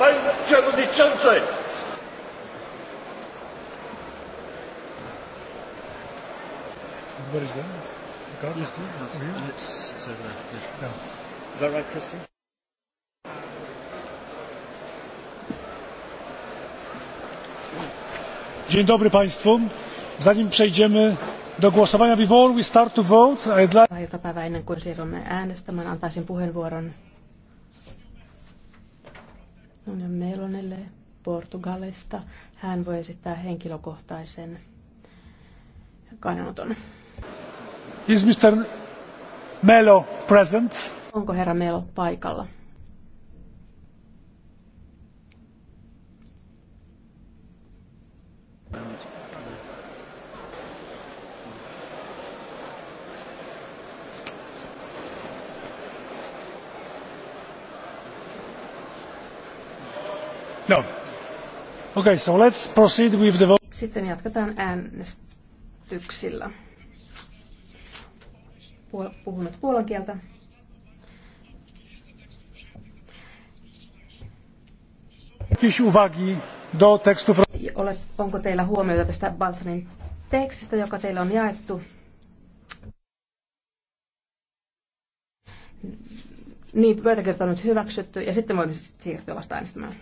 Panie Przewodniczący! What is that? The card is there? No, It's, it's over there. Yeah. No. Is that right, Christian? Dzień dobry Państwu. Zanim przejdziemy do głosowania, before we start to vote, I'd like... Iltapäivä ennen kuin siirrymme äänestämään, antaisin puheenvuoron ja Melonelle Portugalista. Hän voi esittää henkilökohtaisen kannanoton. Is Mr. Melo present? Onko herra Melo paikalla? No. Okay, so let's proceed with the vote. Sitten jatketaan äänestyksillä. Puhun puolan kieltä. Onko teillä huomioita tästä Balsanin tekstistä, joka teille on jaettu? Niin, pöytäkirja on nyt hyväksytty ja sitten voimme siirtyä vasta äänestämään.